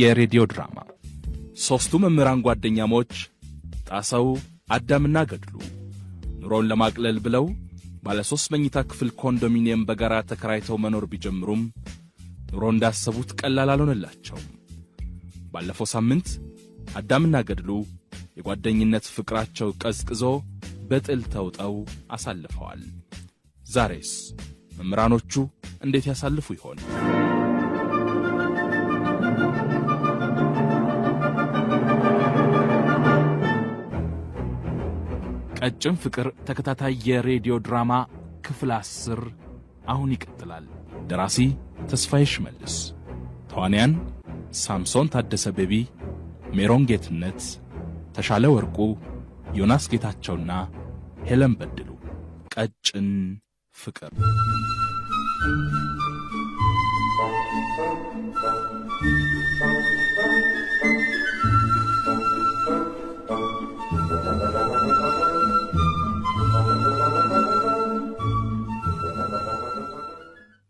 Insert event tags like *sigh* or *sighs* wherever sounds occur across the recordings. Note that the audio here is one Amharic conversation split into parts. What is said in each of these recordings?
የሬዲዮ ድራማ ሦስቱ መምህራን ጓደኛሞች ጣሰው፣ አዳምና ገድሉ ኑሮን ለማቅለል ብለው ባለ ሦስት መኝታ ክፍል ኮንዶሚኒየም በጋራ ተከራይተው መኖር ቢጀምሩም ኑሮ እንዳሰቡት ቀላል አልሆነላቸውም። ባለፈው ሳምንት አዳምና ገድሉ የጓደኝነት ፍቅራቸው ቀዝቅዞ በጥል ተውጠው አሳልፈዋል። ዛሬስ መምህራኖቹ እንዴት ያሳልፉ ይሆን? ቀጭን ፍቅር ተከታታይ የሬዲዮ ድራማ ክፍል አስር አሁን ይቀጥላል። ደራሲ ተስፋዬ ሽመልስ፣ ተዋንያን ሳምሶን ታደሰ፣ ቤቢ ሜሮን፣ ጌትነት ተሻለ፣ ወርቁ ዮናስ ጌታቸውና ሄለን በድሉ። ቀጭን ፍቅር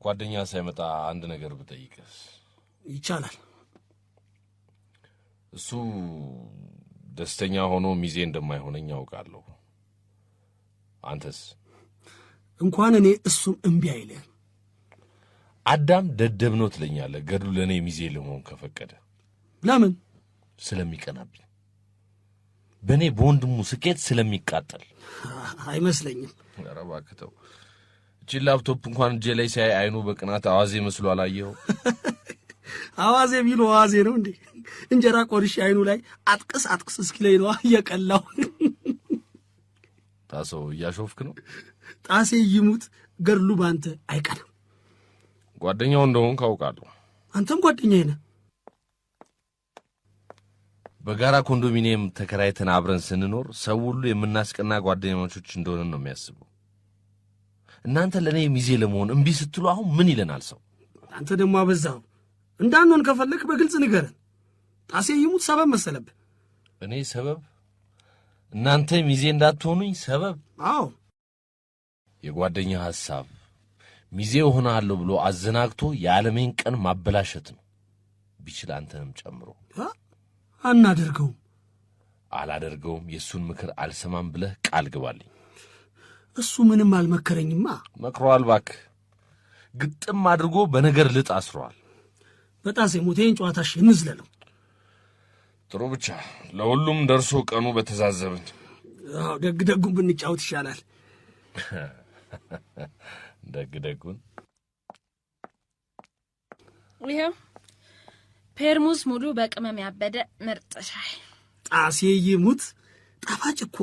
ጓደኛ ሳይመጣ አንድ ነገር ብጠይቅስ ይቻላል? እሱ ደስተኛ ሆኖ ሚዜ እንደማይሆነኝ ያውቃለሁ። አንተስ እንኳን እኔ እሱም እምቢ አይልህ። አዳም ደደብ ነው ትለኛለህ። ገድሉ ለእኔ ሚዜ ለመሆን ከፈቀደ ለምን? ስለሚቀናብኝ፣ በእኔ በወንድሙ ስኬት ስለሚቃጠል አይመስለኝም። ኧረ እባክህ ተው። ቺን ላፕቶፕ እንኳን እጄ ላይ ሲያይ አይኑ በቅናት አዋዜ መስሎ አላየው። *laughs* አዋዜ የሚሉ አዋዜ ነው እንዴ? እንጀራ ቆርሼ አይኑ ላይ አጥቅስ አጥቅስ ላይ ነዋ እየቀላው። ጣሰው እያሾፍክ ነው። ጣሴ ይሙት ገድሉ በአንተ አይቀርም። ጓደኛው እንደሆን አውቃለሁ። አንተም ጓደኛዬ ነህ። በጋራ ኮንዶሚኒየም ተከራይተን አብረን ስንኖር ሰው ሁሉ የምናስቀና ጓደኛሞቾች እንደሆነ ነው የሚያስበው። እናንተ ለእኔ ሚዜ ለመሆን እምቢ ስትሉ አሁን ምን ይለናል ሰው? አንተ ደግሞ አበዛው። እንዳንሆን ከፈለክ በግልጽ ንገረን። ጣሴ ይሙት ሰበብ መሰለብ። እኔ ሰበብ? እናንተ ሚዜ እንዳትሆኑኝ ሰበብ? አዎ። የጓደኛ ሐሳብ ሚዜ እሆናለሁ ብሎ አዘናግቶ የዓለሜን ቀን ማበላሸት ነው። ቢችል አንተንም ጨምሮ አናደርገውም። አላደርገውም የእሱን ምክር አልሰማም ብለህ ቃል ግባልኝ። እሱ ምንም አልመከረኝማ። መክሯል ባክ ግጥም አድርጎ በነገር ልጥ አስሯል። በጣሴ ሞቴን ጨዋታሽ እንዝለለው። ጥሩ ብቻ ለሁሉም ደርሶ ቀኑ በተዛዘብን። አዎ ደግ ደጉን ብንጫወት ይሻላል። *laughs* ደግ ደጉን ይኸው ፔርሙዝ ሙሉ በቅመም ያበደ ምርጥ ሻይ። ጣሴ ይሙት ጣፋጭ እኮ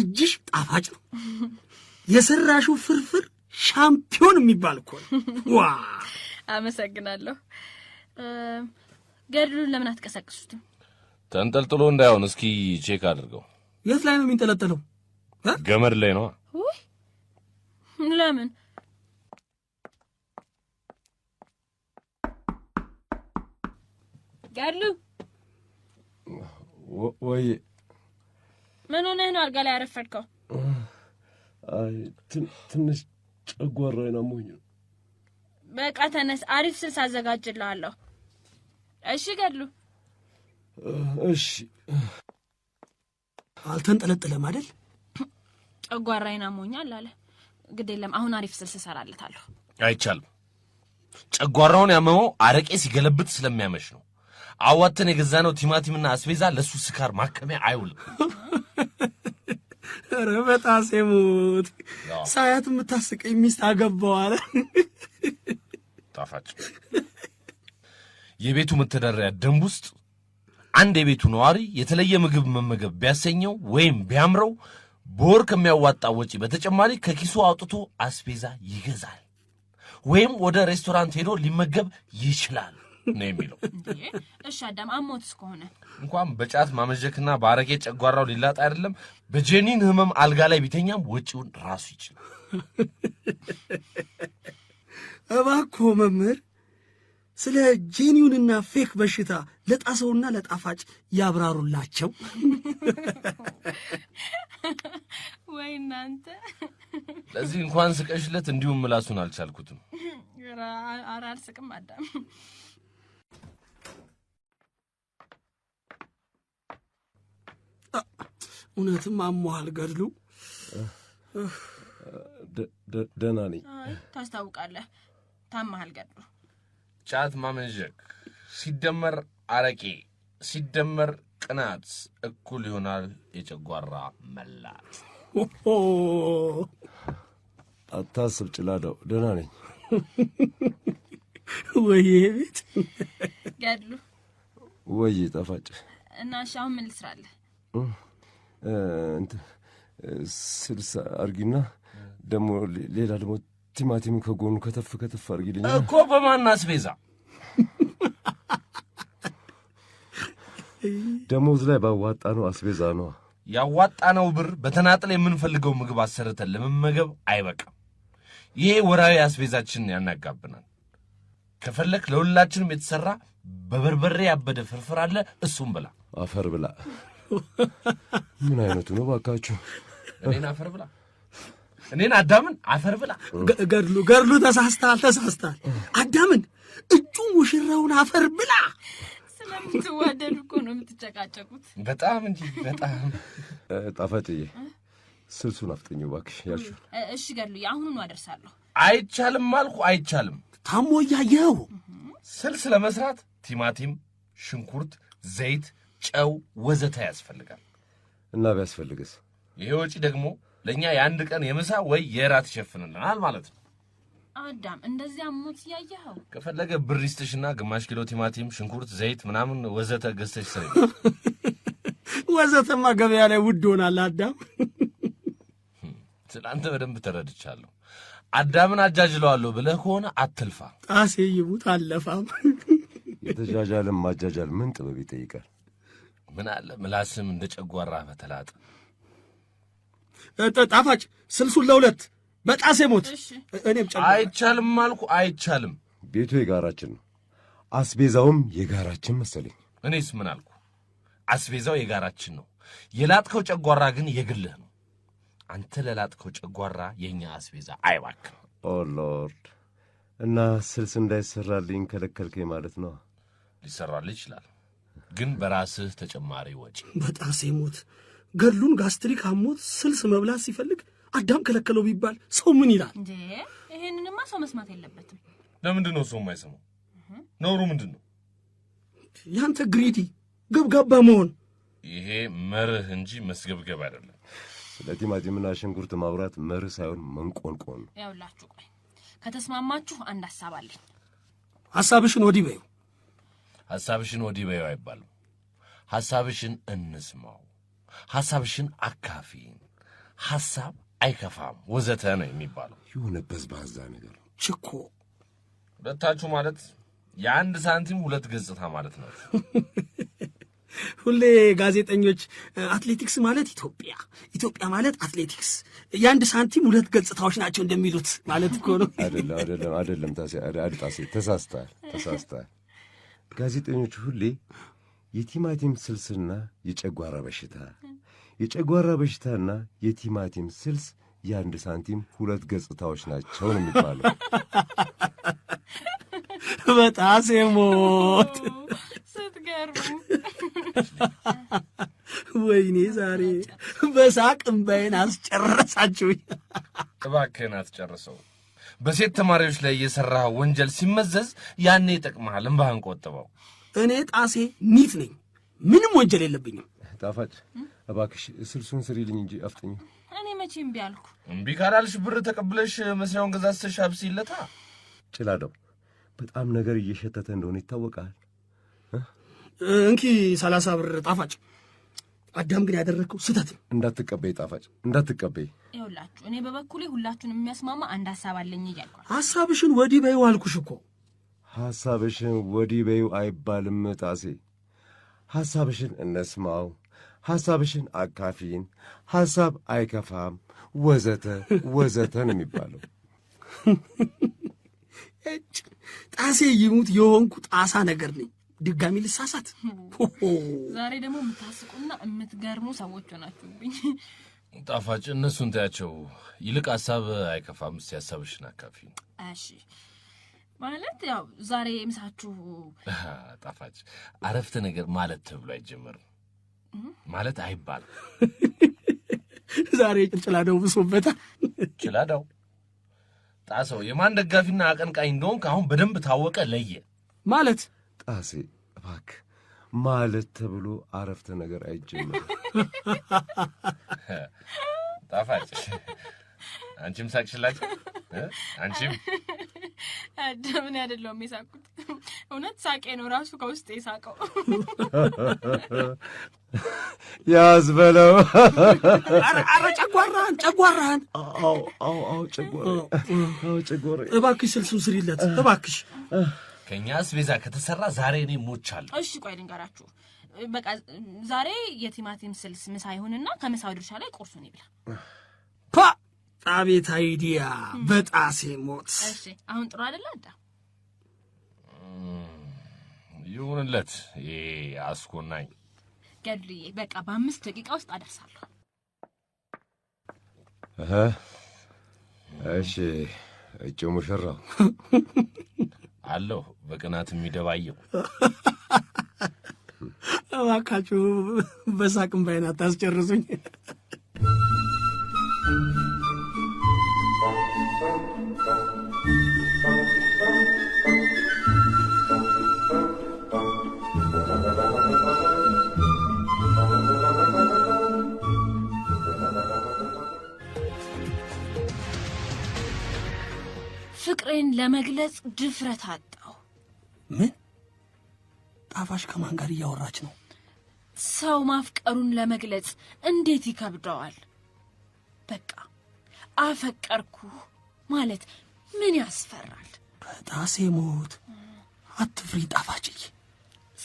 እጅሽ ጣፋጭ ነው። *laughs* የሰራሹ ፍርፍር ሻምፒዮን የሚባል እኮ ነው። ዋ አመሰግናለሁ። ገድሉን ለምን አትቀሳቅሱትም? ተንጠልጥሎ እንዳይሆን እስኪ ቼክ አድርገው። የት ላይ ነው የሚንጠለጠለው? ገመድ ላይ ነው። ለምን ገድሉ? ወይ ምን ሆነህ ነው አልጋ ላይ ያረፈድከው? ትንሽ ጨጓራዬን አሞኝ ነው። በቃ ተነስ፣ አሪፍ ስልስ አዘጋጅልሃለሁ። እሺ ገድሉ። እሺ አልተንጠለጠለም አይደል? ጨጓራዬን አሞኛል አለ። ግድ የለም አሁን አሪፍ ስልስ እሰራለታለሁ። አይቻልም። ጨጓራውን ያመመው አረቄ ሲገለብጥ ስለሚያመሽ ነው። አዋተን የገዛነው ቲማቲምና አስቤዛ ለእሱ ስካር ማከሚያ አይውልም። *laughs* ኧረ በጣሴ ሙት ሳያት የምታስቀኝ ሚስት አገባዋለ። ጣፋጭ የቤቱ መተዳደሪያ ደንብ ውስጥ አንድ የቤቱ ነዋሪ የተለየ ምግብ መመገብ ቢያሰኘው ወይም ቢያምረው በወር ከሚያዋጣ ወጪ በተጨማሪ ከኪሱ አውጥቶ አስቤዛ ይገዛል ወይም ወደ ሬስቶራንት ሄዶ ሊመገብ ይችላል። ነው የሚለው። እሺ አዳም አሞት እስከሆነ እንኳን በጫት ማመጀክና በአረቄ ጨጓራው ሊላጥ አይደለም በጀኒን ህመም አልጋ ላይ ቢተኛም ወጪውን ራሱ ይችላል። እባክዎ መምህር ስለ ጄኒውንና ፌክ በሽታ ለጣሰውና ለጣፋጭ ያብራሩላቸው። ወይ እናንተ ለዚህ እንኳን ስቀሽለት እንዲሁም ምላሱን አልቻልኩትም። ኧረ አልስቅም አዳም እውነትም አሞሃል ገድሉ? ደህና ነኝ። ታስታውቃለህ። ታመሃል ገድሉ። ጫት ማመንዠክ ሲደመር አረቄ ሲደመር ቅናት እኩል ይሆናል የጨጓራ መላት። አታስብ ጭላዳው፣ ደህና ነኝ። ወይ ቤት ገድሉ፣ ወይ ጣፋጭ እና እሺ፣ ምን ልስራለህ? ስልስ አርጊና ደግሞ ሌላ ደግሞ ቲማቲም ከጎኑ ከተፍ ከተፍ አርጊልኝ እኮ በማን አስቤዛ ደሞዝ ላይ ባዋጣ ነው አስቤዛ ያዋጣ ያዋጣነው ብር በተናጥል የምንፈልገው ምግብ አሰርተን ለመመገብ አይበቃም። ይሄ ወራዊ አስቤዛችንን ያናጋብናል። ከፈለክ ለሁላችንም የተሰራ በበርበሬ ያበደ ፍርፍር አለ፣ እሱም ብላ አፈር ብላ *laughs* ምን አይነቱ ነው ባካችሁ? እኔን አፈር ብላ እኔን አዳምን አፈር ብላ። ገድሉ ገድሉ፣ ተሳስተሃል፣ ተሳስተሃል። አዳምን እጩን ሙሽራውን አፈር ብላ። ስለምትዋደዱ እኮ ነው የምትጨቃጨቁት። በጣም እንጂ በጣም ጣፈጥዬ፣ ስልሱን አፍጠኝ እባክሽ ያሹ እሺ ገድሉ፣ አሁኑኑ አደርሳለሁ። አይቻልም አልኩ፣ አይቻልም። ታሞ እያየኸው ስልስ ለመስራት ቲማቲም፣ ሽንኩርት፣ ዘይት ጨው፣ ወዘተ ያስፈልጋል። እና ቢያስፈልግስ? ይሄ ወጪ ደግሞ ለእኛ የአንድ ቀን የምሳ ወይ የራት ይሸፍንልናል ማለት ነው። አዳም እንደዚያ ሙት ያየኸው። ከፈለገ ብር ይስጥሽና ግማሽ ኪሎ ቲማቲም፣ ሽንኩርት፣ ዘይት ምናምን ወዘተ ገዝተሽ ሰ *laughs* ወዘተማ ገበያ ላይ ውድ ሆናል። አዳም *laughs* ስለ አንተ በደንብ ተረድቻለሁ። አዳምን አጃጅለዋለሁ ብለህ ከሆነ አትልፋ። ጣሴ ይሙት አለፋም። *laughs* የተጃጃልን ማጃጃል ምን ጥበብ ይጠይቃል? ምን አለ ምላስም እንደ ጨጓራ በተላጠ ጣፋጭ ስልሱን ለሁለት በጣሴ ሞት እኔም አይቻልም አልኩ። አይቻልም። ቤቱ የጋራችን ነው፣ አስቤዛውም የጋራችን መሰለኝ። እኔስ ምን አልኩ? አስቤዛው የጋራችን ነው፣ የላጥከው ጨጓራ ግን የግልህ ነው። አንተ ለላጥከው ጨጓራ የእኛ አስቤዛ አይባክ ኦ ሎርድ! እና ስልስ እንዳይሰራልኝ ከለከልከኝ ማለት ነው። ሊሰራልህ ይችላል ግን በራስህ ተጨማሪ ወጪ። በጣሴ ሞት ገድሉን ጋስትሪክ አሞት ስልስ መብላት ሲፈልግ አዳም ከለከለው ቢባል ሰው ምን ይላል? ይህንንማ ሰው መስማት የለበትም። ለምንድን ነው ሰው የማይሰማው? ነውሩ ምንድን ነው? ያንተ ግሪዲ ገብጋባ መሆን። ይሄ መርህ እንጂ መስገብገብ አይደለም። ስለ ቲማቲምና ሽንኩርት ማውራት መርህ ሳይሆን መንቆንቆን ነው። ያውላችሁ፣ ቆይ ከተስማማችሁ አንድ ሀሳብ አለኝ። ሀሳብሽን ወዲህ በይው። ሐሳብሽን ወዲህ በይው አይባልም። ሐሳብሽን እንስማው፣ ሐሳብሽን አካፊን፣ ሐሳብ አይከፋም ወዘተ ነው የሚባለው። የሆነ በዝባዛ ነገር ችኮ ሁለታችሁ ማለት የአንድ ሳንቲም ሁለት ገጽታ ማለት ነው። *laughs* ሁሌ ጋዜጠኞች አትሌቲክስ ማለት ኢትዮጵያ፣ ኢትዮጵያ ማለት አትሌቲክስ የአንድ ሳንቲም ሁለት ገጽታዎች ናቸው እንደሚሉት ማለት እኮ ነው። አይደለም፣ አይደለም፣ አይደለም። ተሳስተሃል፣ ተሳስተሃል። ጋዜጠኞች ሁሌ የቲማቲም ስልስና የጨጓራ በሽታ የጨጓራ በሽታና የቲማቲም ስልስ የአንድ ሳንቲም ሁለት ገጽታዎች ናቸው ነው የሚባለው። በጣሴ ሞት ወይኔ ዛሬ በሳቅ እምባዬን አስጨረሳችሁኝ። እባክህን አትጨርሰው። በሴት ተማሪዎች ላይ የሰራ ወንጀል ሲመዘዝ ያኔ ይጠቅመሃል። እምባህን ቆጥበው። እኔ ጣሴ ኒት ነኝ፣ ምንም ወንጀል የለብኝም። ጣፋጭ እባክሽ ስልሱን ስሪልኝ እንጂ አፍጥኝ። እኔ መቼ እምቢ አልኩ? እምቢ ካላልሽ ብር ተቀብለሽ መስሪያውን ገዛ ስተሻብ ሲለታ ጭላደው በጣም ነገር እየሸተተ እንደሆነ ይታወቃል። እንኪ ሰላሳ ብር ጣፋጭ አዳም ግን ያደረግከው ስህተት ነው። እንዳትቀበይ ጣፋጭ እንዳትቀበይ። ይኸውላችሁ እኔ በበኩሌ ሁላችሁን የሚያስማማ አንድ ሀሳብ አለኝ እያልኩ ሀሳብሽን ወዲህ በይው አልኩሽ እኮ። ሀሳብሽን ወዲህ በይው አይባልም ጣሴ። ሀሳብሽን እነስማው፣ ሀሳብሽን አካፊን፣ ሀሳብ አይከፋም፣ ወዘተ ወዘተ ነው የሚባለው። ጣሴ ይሙት የሆንኩ ጣሳ ነገር ነኝ። ድጋሚ ልሳሳት። ዛሬ ደግሞ የምታስቁና የምትገርሙ ሰዎች ሆናችሁብኝ። ጣፋጭ እነሱን ታያቸው፣ ይልቅ ሀሳብ አይከፋም። እስኪ ሀሳብሽን አካፊ። እሺ ማለት ያው ዛሬ ምሳችሁ ጣፋጭ አረፍተ ነገር ማለት ተብሎ አይጀመርም፣ ማለት አይባልም። *laughs* ዛሬ ጭላዳው ብሶበታል። *laughs* ጭላዳው ጣሰው የማን ደጋፊና አቀንቃኝ እንደሆንክ አሁን በደንብ ታወቀ፣ ለየ ማለት ጣሴ እባክህ ማለት ተብሎ አረፍተ ነገር አይጀምርም። *laughs* ጣፋጭ አንቺም ሳቅሽላት። አንቺም ደምን ያደለውም የሳቅሁት እውነት ሳቄ ነው ራሱ ከውስጥ የሳቀው ያዝ በለው። ኧረ ጨጓራህን ጨጓራህን! አዎ አዎ አዎ፣ ጨጓራ እባክሽ፣ ስልሱን ስሪለት እባክሽ። ከእኛ አስቤዛ ከተሰራ ዛሬ እኔ ሞቻለሁ። እሺ ቆይ ልንገራችሁ፣ በቃ ዛሬ የቲማቲም ስልስ ምሳ ይሁንና ከምሳው ድርሻ ላይ ቁርሱን ይብላ። ፓ አቤት አይዲያ! በጣሴ ሞት። እሺ አሁን ጥሩ አይደለ? አዳ ይሁንለት። ይሄ አስኮናኝ ገድልዬ፣ በቃ በአምስት ደቂቃ ውስጥ አደርሳለሁ። እሺ እጩ ሙሽራው *laughs* አለሁ በቅናት የሚደባየው እባካችሁ በሳቅም ባይናት አስጨርሱኝ። ለመግለጽ ድፍረት አጣው። ምን ጣፋሽ ከማን ጋር እያወራች ነው? ሰው ማፍቀሩን ለመግለጽ እንዴት ይከብደዋል? በቃ አፈቀርኩ ማለት ምን ያስፈራል? በጣሴ ሞት አትፍሪ ጣፋጭዬ።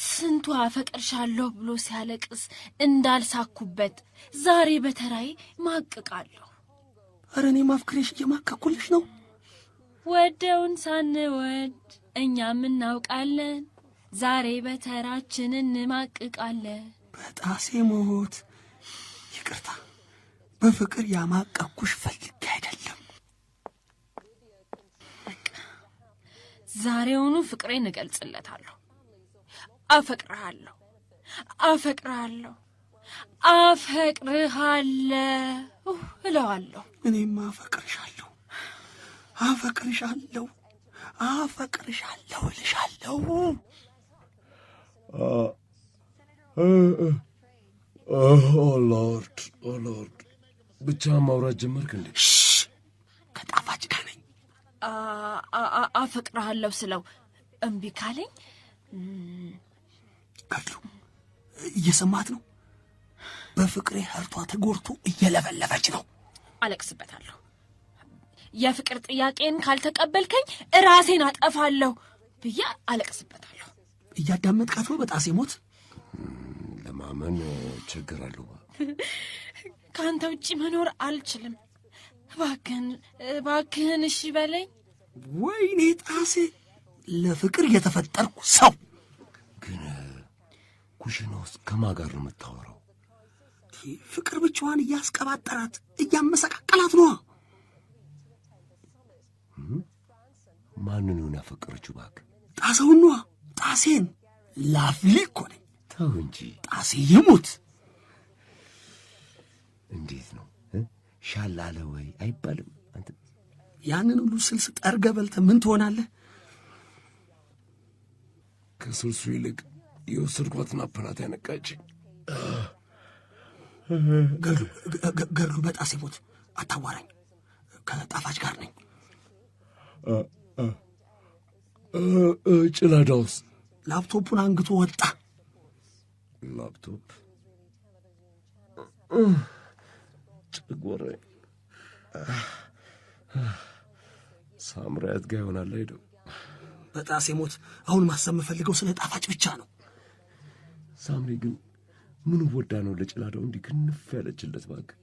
ስንቱ አፈቅርሻለሁ ብሎ ሲያለቅስ እንዳልሳኩበት ዛሬ በተራዬ ማቅቃለሁ። እረ እኔ ማፍቅሬሽ እየማቀኩልሽ ነው። ወደውን ሳንወድ እኛም እናውቃለን። ዛሬ በተራችን እንማቅቃለን። በጣሴ ሞት ይቅርታ፣ በፍቅር ያማቀኩሽ ፈልጌ አይደለም። ዛሬውኑ ፍቅሬን እገልጽለታለሁ። አፈቅርሃለሁ፣ አፈቅርሃለሁ፣ አፈቅርሃለሁ እለዋለሁ። እኔም አፈቅርሻለሁ። አፈቅርሻለሁ፣ አፈቅርሻለሁ እልሻለሁ። ኦሎርድ ኦሎርድ፣ ብቻ ማውራት ጀመርክ እንዴ? ከጣፋጭ ጋር ነኝ። አፈቅርሃለሁ ስለው እምቢ ካለኝ ከፍሉ እየሰማት ነው። በፍቅሬ ህርቷ ተጎርቶ እየለበለበች ነው። አለቅስበታለሁ የፍቅር ጥያቄን ካልተቀበልከኝ እራሴን አጠፋለሁ ብዬ አለቅስበታለሁ። እያዳመጥካት ነው። በጣሴ ሞት ለማመን ችግር አለው። *laughs* ከአንተ ውጭ መኖር አልችልም። እባክህን እባክህን፣ እሺ በለኝ። ወይኔ ጣሴ፣ ለፍቅር የተፈጠርኩ ሰው ግን ኩሽና ውስጥ ከማን ጋር ነው የምታወራው? ፍቅር ብቻዋን እያስቀባጠራት እያመሰቃቀላት ነዋ። ማንን ነው ያፈቀረችው? ባክ ጣሰውኗ። ጣሴን ላፍሊ እኮ ነኝ። ተው እንጂ ጣሴ ይሙት። እንዴት ነው ሻል አለ ወይ አይባልም። አንተ ያንን ሁሉ ስልስ ጠርገበልተ በልተህ ምን ትሆናለህ? ከስልሱ ይልቅ የወሰድኳት ናፕናት ያነቃጭ ገድሉ በጣሴ ሞት አታዋራኝ። ከጣፋጭ ጋር ነኝ ጭለዳውስ ላፕቶፑን አንግቶ ወጣ። ላፕቶፕ ጭጎረ ሳምራያት ጋ ይሆናል። አይደው በጣሴ ሞት አሁን ማሰብ የምፈልገው ስለ ጣፋጭ ብቻ ነው። ሳምሪ ግን ምኑ ወዳ ነው ለጭላዳው እንዲህ ክንፍ ያለችለት? እባክህ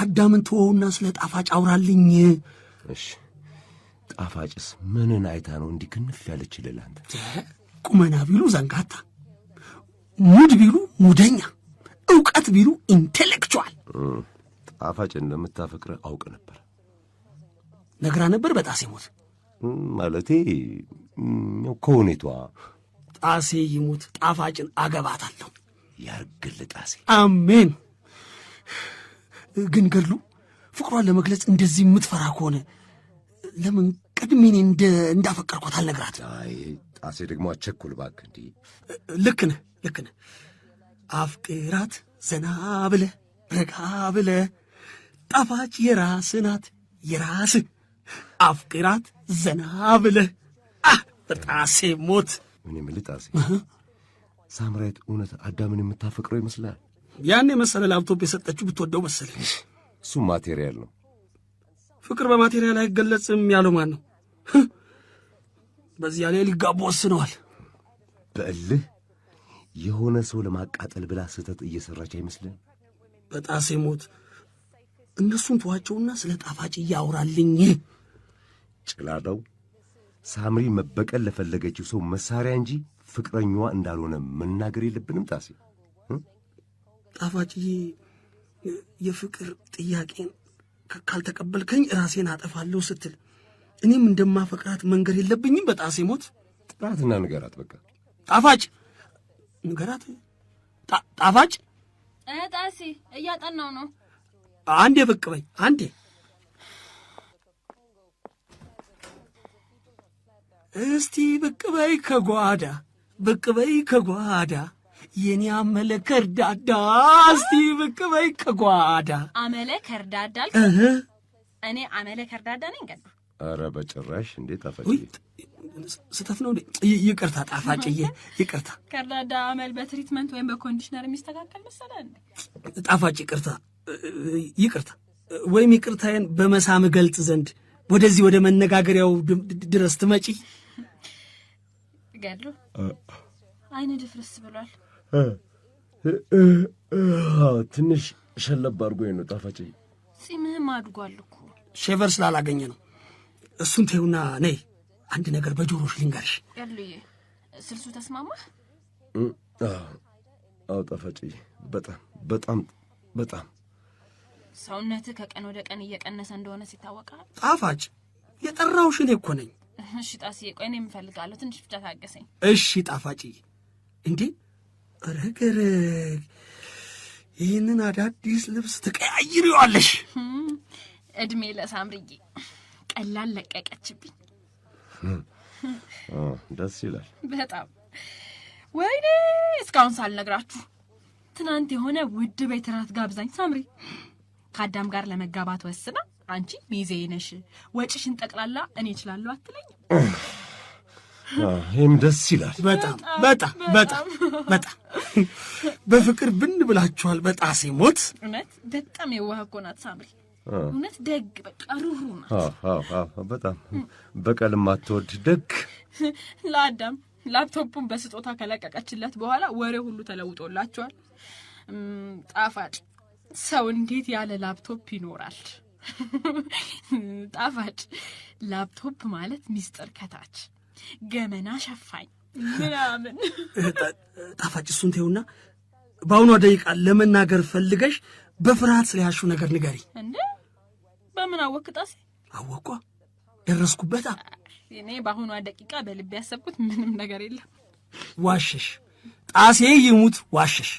አዳምን ተወውና ስለ ጣፋጭ አውራልኝ። እሺ ጣፋጭስ ምንን አይታ ነው እንዲህ ክንፍ ያለችልህ አንተ? ቁመና ቢሉ ዘንጋታ፣ ሙድ ቢሉ ሙደኛ፣ እውቀት ቢሉ ኢንቴሌክቹዋል። ጣፋጭ እንደምታፈቅረ አውቅ ነበር። ነግራ ነበር በጣሴ ሞት ማለቴ ከሁኔቷ። ጣሴ ይሙት ጣፋጭን አገባታለሁ። ያርግል ጣሴ። አሜን። ግን ገድሉ ፍቅሯን ለመግለጽ እንደዚህ የምትፈራ ከሆነ ለምን ቀድሜ እኔ እንዳፈቀርኳት አልነግራት? ጣሴ ደግሞ አቸኩል ባክ። እንዲህ ልክ ነህ፣ ልክ ነህ። አፍቅራት ዘና ብለ ረጋ ብለ ጣፋጭ የራስ ናት የራስ አፍቅራት ዘና ብለ በጣሴ ሞት እኔ ምል ጣሴ ሳምራዊት እውነት አዳምን የምታፈቅረው ይመስላል? ያን የመሰለ ላፕቶፕ የሰጠችው ብትወደው መሰለኝ። እሱ ማቴሪያል ነው። ፍቅር በማቴሪያል አይገለጽም ያለው ማን ነው? በዚያ ላይ ሊጋቡ ወስነዋል። በእልህ የሆነ ሰው ለማቃጠል ብላ ስህተት እየሰራች አይመስልም? በጣሴ ሞት እነሱን ተዋቸውና ስለ ጣፋጭ እያውራልኝ። ጭላዳው ሳምሪ መበቀል ለፈለገችው ሰው መሳሪያ እንጂ ፍቅረኛዋ እንዳልሆነ መናገር የለብንም። ጣሴ ጣፋጭዬ የፍቅር ጥያቄን ካልተቀበልከኝ ራሴን አጠፋለሁ ስትል እኔም እንደማፈቅራት መንገር የለብኝም? በጣሴ ሞት ጥራትና ንገራት። በቃ ጣፋጭ ንገራት። ጣፋጭ ጣሴ እያጠናው ነው። አንዴ ብቅ በይ አንዴ። እስቲ ብቅ በይ ከጓዳ ብቅ በይ ከጓዳ የኔ አመለ ከርዳዳ እስቲ ብቅ በይ ከጓዳ። አመለ ከርዳዳ አልክ? እኔ አመለ ከርዳዳ ነኝ ገና? አረ በጭራሽ! እንዴት አፈቂ ስተት ነው። ይቅርታ ጣፋጭዬ፣ ይቅርታ። ከርዳዳ አመል በትሪትመንት ወይም በኮንዲሽነር የሚስተካከል መሰለ መሰለህ? ጣፋጭ ይቅርታ፣ ይቅርታ። ወይም ይቅርታዬን በመሳም ገልጽ ዘንድ ወደዚህ ወደ መነጋገሪያው ድረስ ትመጪ ገሉ አይን ድፍርስ ብሏል። ትንሽ ሸለብ አድርጎኝ ነው ጣፋጭ። ጺምህም አድጓል እኮ ሼቨር ስላላገኘ ነው። እሱን ተይውና ነይ አንድ ነገር በጆሮሽ ልንገርሽ። ያሉዬ ስልሱ ተስማማህ? አዎ ጣፋጭ፣ በጣም በጣም በጣም ሰውነትህ ከቀን ወደ ቀን እየቀነሰ እንደሆነ ሲታወቃል። ጣፋጭ የጠራሁሽ እኔ እኮ ነኝ። እሺ ጣስዬ፣ ቆይ እኔ የምፈልጋለሁ። ትንሽ ብቻ ታገሰኝ። እሺ ጣፋጭ እንዴ ረገረግ ይህንን አዳዲስ ልብስ ትቀያይሪዋለሽ። እድሜ ለሳምርዬ ቀላል ለቀቀችብኝ። ደስ ይላል በጣም ወይኔ፣ እስካሁን ሳልነግራችሁ ትናንት የሆነ ውድ ቤት እራት ጋብዛኝ ሳምሪ ከአዳም ጋር ለመጋባት ወስና አንቺ ሚዜ ነሽ፣ ወጪሽን ጠቅላላ እኔ እችላለሁ አትለኝም? ይህም ደስ ይላል። በጣም በጣም በጣም በጣም በፍቅር ብን ብላችኋል። በጣሴ ሞት እውነት በጣም የዋህ እኮ ናት ሳምሪ። እውነት ደግ በቃ ሩሩ ናት። በጣም በቀል ማትወድ ደግ። ለአዳም ላፕቶፑን በስጦታ ከለቀቀችለት በኋላ ወሬ ሁሉ ተለውጦላቸዋል። ጣፋጭ ሰው እንዴት ያለ ላፕቶፕ ይኖራል? *laughs* ጣፋጭ ላፕቶፕ ማለት ሚስጥር ከታች ገመና ሸፋኝ ምናምን ጣፋጭ እሱን ተይውና፣ በአሁኗ ደቂቃ ለመናገር ፈልገሽ በፍርሃት ስለያሹ ነገር ንገሪ። እንደ በምን አወቅ? ጣሴ አወቋ ደረስኩበታ። እኔ በአሁኗ ደቂቃ በልብ ያሰብኩት ምንም ነገር የለም። ዋሸሽ ጣሴ ይሙት ዋሸሽ።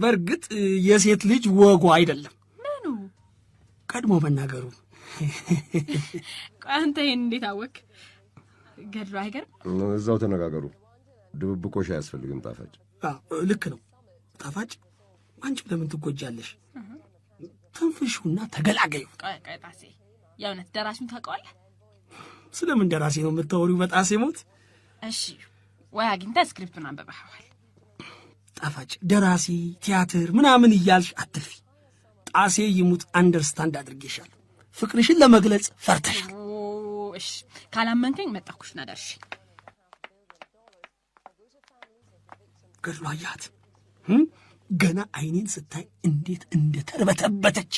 በእርግጥ የሴት ልጅ ወጎ አይደለም። ምኑ ቀድሞ መናገሩ። አንተ እንዴት አወቅ? ገድሎ አይገርም። እዛው ተነጋገሩ። ድብብቆሽ አያስፈልግም። ጣፋጭ ልክ ነው። ጣፋጭ አንቺም ለምን ትጎጃለሽ? ትንፍሹና ተገላገዩ። ጣሴ የእውነት ደራሲውን ታውቀዋለህ? ስለምን ደራሲ ነው የምታወሪው? በጣሴ ሞት። እሺ ወይ አግኝተህ ስክሪፕቱን አንብበኸዋል? ጣፋጭ ደራሲ ቲያትር ምናምን እያልሽ አትልፊ። ጣሴ ይሙት አንደርስታንድ አድርጌሻል። ፍቅርሽን ለመግለጽ ፈርተሻል። እሺ ካላመንከኝ መጣኩሽ ደርሽ። ገድሎ አያት ገና አይኔን ስታይ እንዴት እንደተርበተበተች።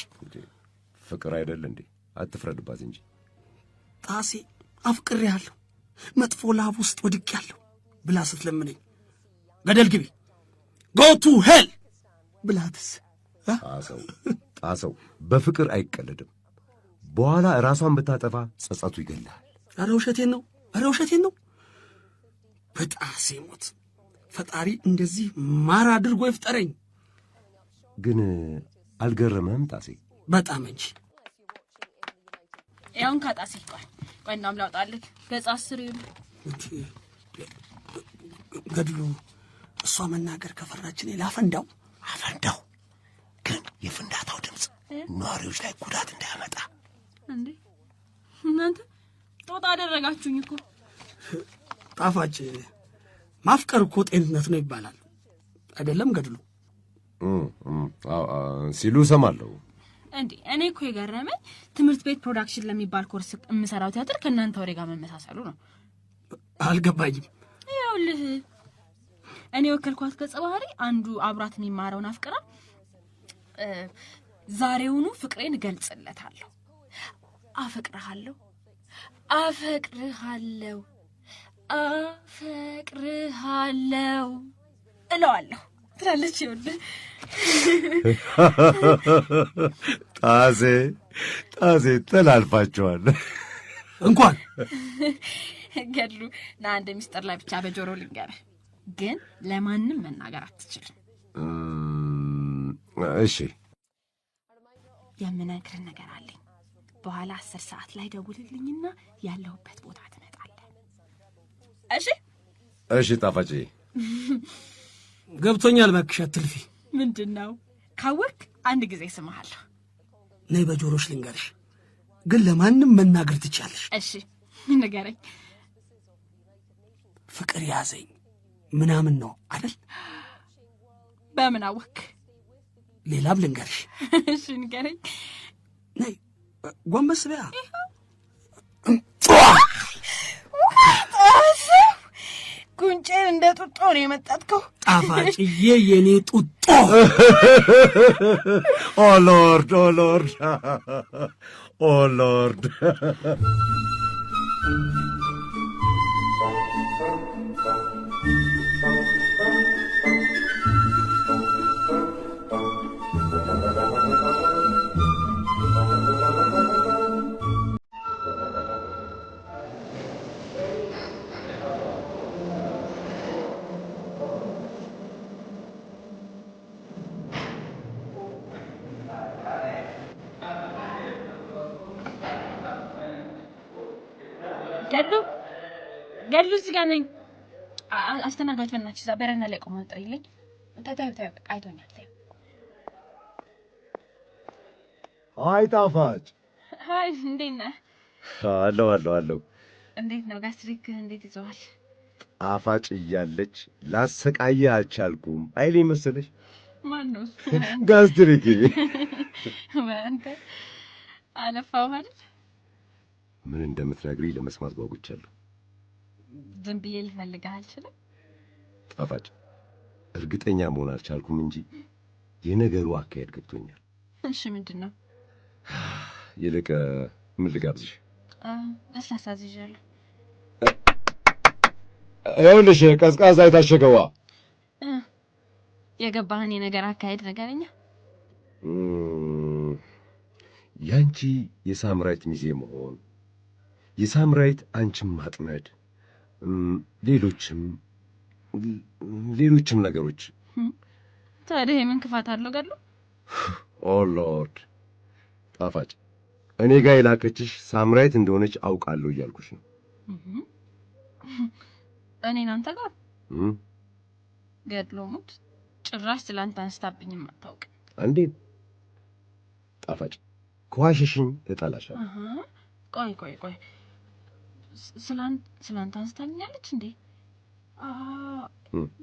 ፍቅር አይደል እንዴ? አትፍረድባት እንጂ ጣሴ አፍቅሬያለሁ፣ መጥፎ ላብ ውስጥ ያለሁ ብላ ስትለምነኝ ገደል ግቢ ጎቱ ሄል ብላትስ? ጣሰው ጣሰው፣ በፍቅር አይቀለድም። በኋላ ራሷን ብታጠፋ ጸጸቱ ይገላል። ኧረ ውሸቴን ነው፣ ኧረ ውሸቴን ነው። በጣሴ ሞት ፈጣሪ እንደዚህ ማር አድርጎ ይፍጠረኝ። ግን አልገረመም ጣሴ? በጣም እንጂ። ያውን ከጣሴ ቆይ ቆይ፣ እናም ላውጣልህ ገጽ አስር ይሉ ገድሉ እሷ መናገር ከፈራችን ላፈንዳው አፈንዳው። ግን የፍንዳታው ድምፅ ነዋሪዎች ላይ ጉዳት እንዳያመጣ እንዴ እናንተ ጦጣ አደረጋችሁኝ እኮ። ጣፋጭ ማፍቀር እኮ ጤንነት ነው ይባላል አይደለም? ገድሉ ሲሉ እሰማለሁ። እንዴ እኔ እኮ የገረመኝ ትምህርት ቤት ፕሮዳክሽን ለሚባል ኮርስ የምሰራው ቲያትር ከእናንተ ወሬ ጋር መመሳሰሉ ነው። አልገባኝም። ይኸውልህ እኔ ወከልኳት ገጸ ባህሪ አንዱ አብራት የሚማረውን አፍቅራ ዛሬውኑ ፍቅሬን እገልጽለታለሁ፣ አፈቅርሃለሁ አፈቅርሃለሁ አፈቅርሃለሁ እለዋለሁ ትላለች። ይኸውልህ ጣሴ ጣሴ ተላልፋቸዋል። እንኳን ገድሉ ና አንድ ሚስጥር ላይ ብቻ በጆሮ ልንገርህ፣ ግን ለማንም መናገር አትችልም። እሺ፣ የምነግርን ነገር አለኝ በኋላ አስር ሰዓት ላይ ደውልልኝና ያለሁበት ቦታ ትመጣለህ። እሺ? እሺ። ጣፋጭ ገብቶኛል። እባክሽ አትልፊ። ምንድን ነው? ካወቅ አንድ ጊዜ ስምሃለሁ። ነይ በጆሮሽ ልንገርሽ፣ ግን ለማንም መናገር ትቻለሽ። እሺ ንገረኝ። ፍቅር ያዘኝ ምናምን ነው አይደል? በምን አወክ? ሌላም ልንገርሽ። እሺ ንገረኝ። ነይ ጎንበስ በያ ጉንጬን እንደ ጡጦ ነው የመጣጥከው። ጣፋጭዬ የኔ ጡጦ ኦ ሎርድ ኦ ሎርድ ኦ ሎርድ። Thank you. ጋር ነኝ። አስተናጋጅ እዛ በረና ላይ ቆሞ ጥሪልኝ። አይቶኛል። አይ ጣፋጭ እንዴት ነህ? አለሁ አለሁ አለሁ። እንዴት ነው ጋስትሪክ እንዴት ይዘዋል? ጣፋጭ እያለች ላሰቃየ አልቻልኩም። አይሌ መሰለሽ *laughs* ጋስትሪክ አለፋው አይደል? ምን እንደምትነግሪኝ ለመስማት ጓጉቻለሁ። ዝም ብዬ ልፈልግህ አልችልም። ጣፋጭ እርግጠኛ መሆን አልቻልኩም እንጂ የነገሩ አካሄድ ገብቶኛል። እሺ ምንድን ነው? *sighs* ይልቅ ምን ልጋብዝሽ? ለስላሳ አዝዣለሁ። ይኸውልሽ ቀዝቃዛ የታሸገዋ። የገባህን የነገር አካሄድ ነገረኛ። ያንቺ የሳምራይት ሚዜ መሆን የሳምራይት አንቺን ማጥመድ ሌሎችም ሌሎችም ነገሮች። ታዲያ የምን ክፋት አለው ገሉ? ኦ ሎርድ ጣፋጭ፣ እኔ ጋር የላከችሽ ሳምራይት እንደሆነች አውቃለሁ እያልኩሽ ነው። እኔን አንተ ጋር ገድሎ ሙት ጭራሽ ስለአንተ አንስታብኝም አታውቅ እንዴ? ጣፋጭ ከዋሸሽኝ እጠላሻለሁ። ቆይ ቆይ ቆይ ስላንተ አንስታልኛለች እንዴ?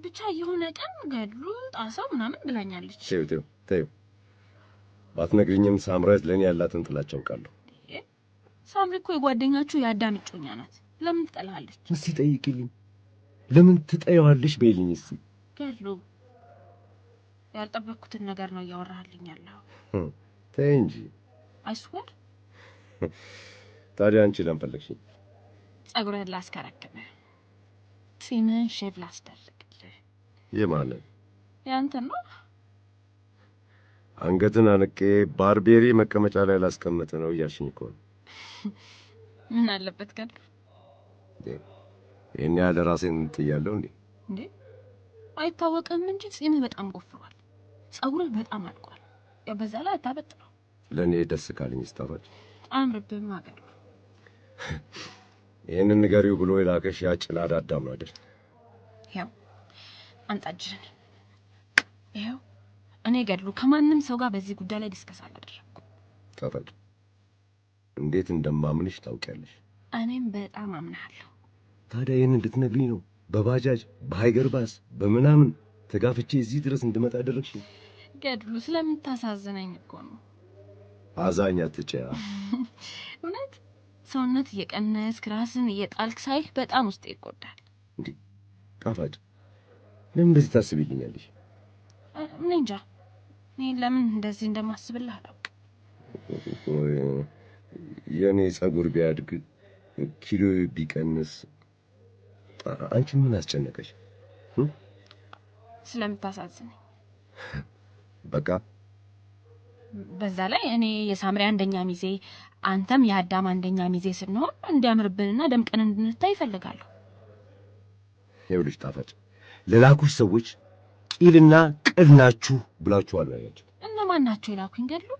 ብቻ የሆነ ቀን ገድሉ ጣሰው ምናምን ብላኛለች። ተይው ተይው ተይው፣ ባትነግሪኝም ሳምረት ለእኔ ያላትን ጥላቻ አውቃለሁ። ሳምሪ እኮ የጓደኛችሁ የአዳም እጮኛ ናት። ለምን ትጠላለች? እስቲ ጠይቅልኝ። ለምን ትጠየዋለሽ በይልኝ እስቲ። ገድሉ ያልጠበኩትን ነገር ነው እያወራህልኝ ያለው። ተይ እንጂ አይስወር። ታዲያ አንቺ ለምን ፈለግሽኝ? ፀጉርህን ላስከረክምህ፣ ጺምህን ሼቭ ላስደርግልህ። ይህ ማለት ያንተን ነው። አንገትን አንቄ ባርቤሪ መቀመጫ ላይ ላስቀመጥ ነው እያልሽኝ እኮ ነው። *laughs* ምን አለበት ገል ይህን ያህል ራሴን እንጥያለሁ እንዴ? እንዴ አይታወቅም እንጂ ጺምህ በጣም ቆፍሯል፣ ጸጉርህ በጣም አድቋል። ያው በዛ ላይ አታበጥረው። ለእኔ ደስ ካለኝ ስታፋጭ አምርብህም ሀገር *laughs* ይህንን ንገሪው ብሎ የላከሽ ያጭን አዳዳም ነው አይደል? ያው አንጣጅን ይኸው እኔ ገድሉ ከማንም ሰው ጋር በዚህ ጉዳይ ላይ ዲስከስ አላደረኩም። ተፈቱ እንዴት እንደማምንሽ ታውቂያለሽ። እኔም በጣም አምናሃለሁ። ታዲያ ይህን እንድትነግሪኝ ነው በባጃጅ በሀይገር ባስ በምናምን ተጋፍቼ እዚህ ድረስ እንድመጣ ያደረግሽ? ገድሉ ስለምታሳዝነኝ እኮ ነው። አዛኛ ትጨያ እውነት ሰውነት እየቀነስክ ራስን እየጣልክ ሳይህ በጣም ውስጥ ይጎዳል። ጣፋጭ ለምን እንደዚህ ታስብልኛለሽ? እኔ እንጃ። እኔ ለምን እንደዚህ እንደማስብልህ አላውቅም። የእኔ ጸጉር ቢያድግ ኪሎ ቢቀንስ አንቺ ምን አስጨነቀሽ? ስለምታሳዝነኝ በቃ። በዛ ላይ እኔ የሳምሪያ አንደኛ ሚዜ አንተም የአዳም አንደኛ ሚዜ ስንሆን እንዲያምርብንና ደምቀን እንድንታይ ይፈልጋሉ። ይኸውልሽ ጣፋጭ ለላኩሽ ሰዎች ቂልና ቅል ናችሁ ብላችሁ አልበያቸው። እነማን ናቸው የላኩኝ? ገድሉ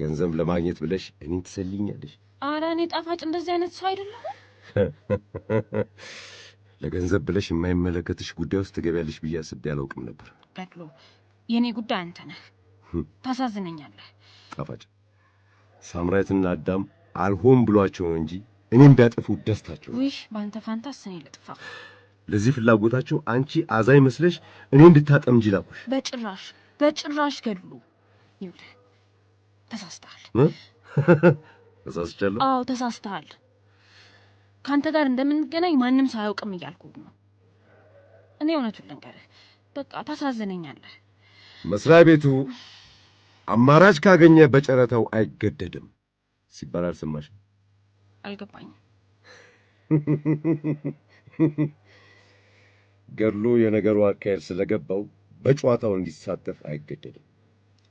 ገንዘብ ለማግኘት ብለሽ እኔን ትሰልኛለሽ? አረ እኔ ጣፋጭ እንደዚህ አይነት ሰው አይደለሁም። *laughs* ለገንዘብ ብለሽ የማይመለከትሽ ጉዳይ ውስጥ ትገቢያለሽ ብዬ አስቤ አላውቅም ነበር። ገድሉ የእኔ ጉዳይ አንተ ነህ። ታሳዝነኛለህ ጣፋጭ ሳምራይትና አዳም አልሆን ብሏቸው ነው እንጂ እኔም ቢያጠፉ ደስታቸው። ውይ በአንተ ፋንታስ እኔ ልጥፋ። ለዚህ ፍላጎታቸው አንቺ አዛኝ መስለሽ እኔ እንድታጠም እንጂ ላኩሽ። በጭራሽ በጭራሽ። ገድሉ ይኸውልህ፣ ተሳስተሃል። *laughs* ተሳስቻለሁ? አዎ ተሳስተሃል። ከአንተ ጋር እንደምንገናኝ ማንም ሰው አያውቅም እያልኩ ነው። እኔ እውነቱን ልንገርህ፣ በቃ ታሳዝነኛለህ። መስሪያ ቤቱ አማራጭ ካገኘ በጨረታው አይገደድም ሲባል አልሰማሽ? አልገባኝም። *laughs* ገድሉ የነገሩ አካሄድ ስለገባው በጨዋታው እንዲሳተፍ አይገደድም።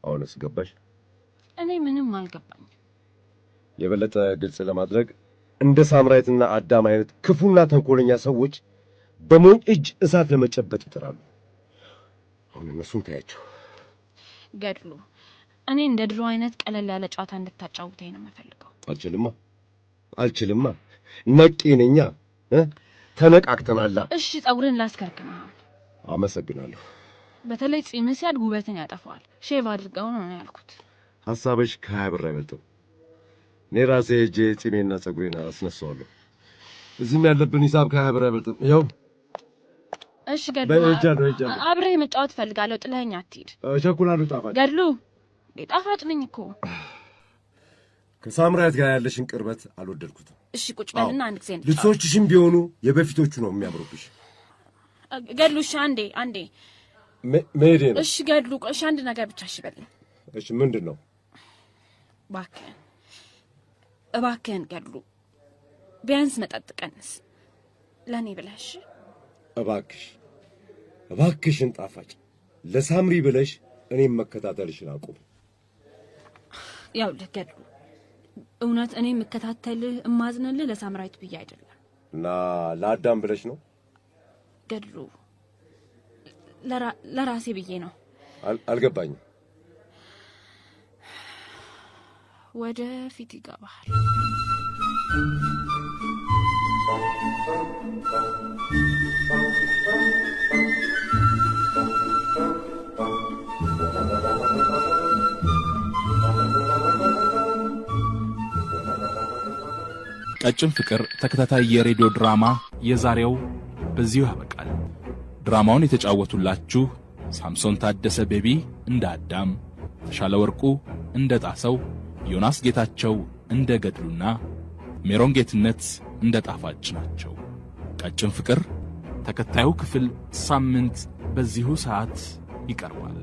አሁንስ ገባሽ? እኔ ምንም አልገባኝም። የበለጠ ግልጽ ለማድረግ እንደ ሳምራይትና አዳም አይነት ክፉና ተንኮለኛ ሰዎች በሞኝ እጅ እሳት ለመጨበጥ ይጥራሉ። አሁን እነሱን ታያቸው ገድሉ እኔ እንደ ድሮ አይነት ቀለል ያለ ጨዋታ እንድታጫውተኝ ነው የምፈልገው። አልችልማ አልችልማ፣ ነቄ ነኛ። ተነቃቅተናላ። እሺ፣ ፀጉርን ላስከርክመሃል። አመሰግናለሁ። በተለይ ጺም ሲያድግ ውበትን ያጠፋዋል። ሼቭ አድርገው ነው ያልኩት። ሀሳብሽ ከሀያ ብር አይበልጥም። እኔ ራሴ ሄጄ ጺሜና ፀጉሬን አስነሳዋለሁ። እዚህም ያለብን ሂሳብ ከሀያ ብር አይበልጥም። ይኸው እሺ ገድሉ፣ አብሬ መጫወት እፈልጋለሁ። ጥለኸኝ አትሂድ። ቸኩላሉ። ጣፋጭ ገድሉ ጣፋጭ ነኝ እኮ። ከሳምራዊት ጋር ያለሽን ቅርበት አልወደድኩትም። እሺ ቁጭ በልና አንድ ጊዜ ልብሶችሽም ቢሆኑ የበፊቶቹ ነው የሚያምሩብሽ። ገድሉ እሺ፣ አንዴ አንዴ መሄዴ ነው። እሺ ገድሉ፣ እሺ አንድ ነገር ብቻ እሺ በልኝ። እሺ ምንድን ነው? እባክህን እባክህን ገድሉ፣ ቢያንስ መጠጥ ቀንስ፣ ለእኔ ብለሽ እባክሽ፣ እባክሽን ጣፋጭ፣ ለሳምሪ ብለሽ እኔም መከታተልሽን አቁም። ያው ልገዱ እውነት እኔ የምከታተልህ እማዝንልህ ለሳምራዊት ብዬ አይደለም። እና ለአዳም ብለሽ ነው ገድሉ? ለራሴ ብዬ ነው። አልገባኝም። ወደፊት ይገባል። ቀጭን ፍቅር ተከታታይ የሬዲዮ ድራማ የዛሬው በዚሁ ያበቃል። ድራማውን የተጫወቱላችሁ ሳምሶን ታደሰ ቤቢ እንደ አዳም፣ ተሻለ ወርቁ እንደ ጣሰው፣ ዮናስ ጌታቸው እንደ ገድሉና ሜሮን ጌትነት እንደ ጣፋጭ ናቸው። ቀጭን ፍቅር ተከታዩ ክፍል ሳምንት በዚሁ ሰዓት ይቀርባል።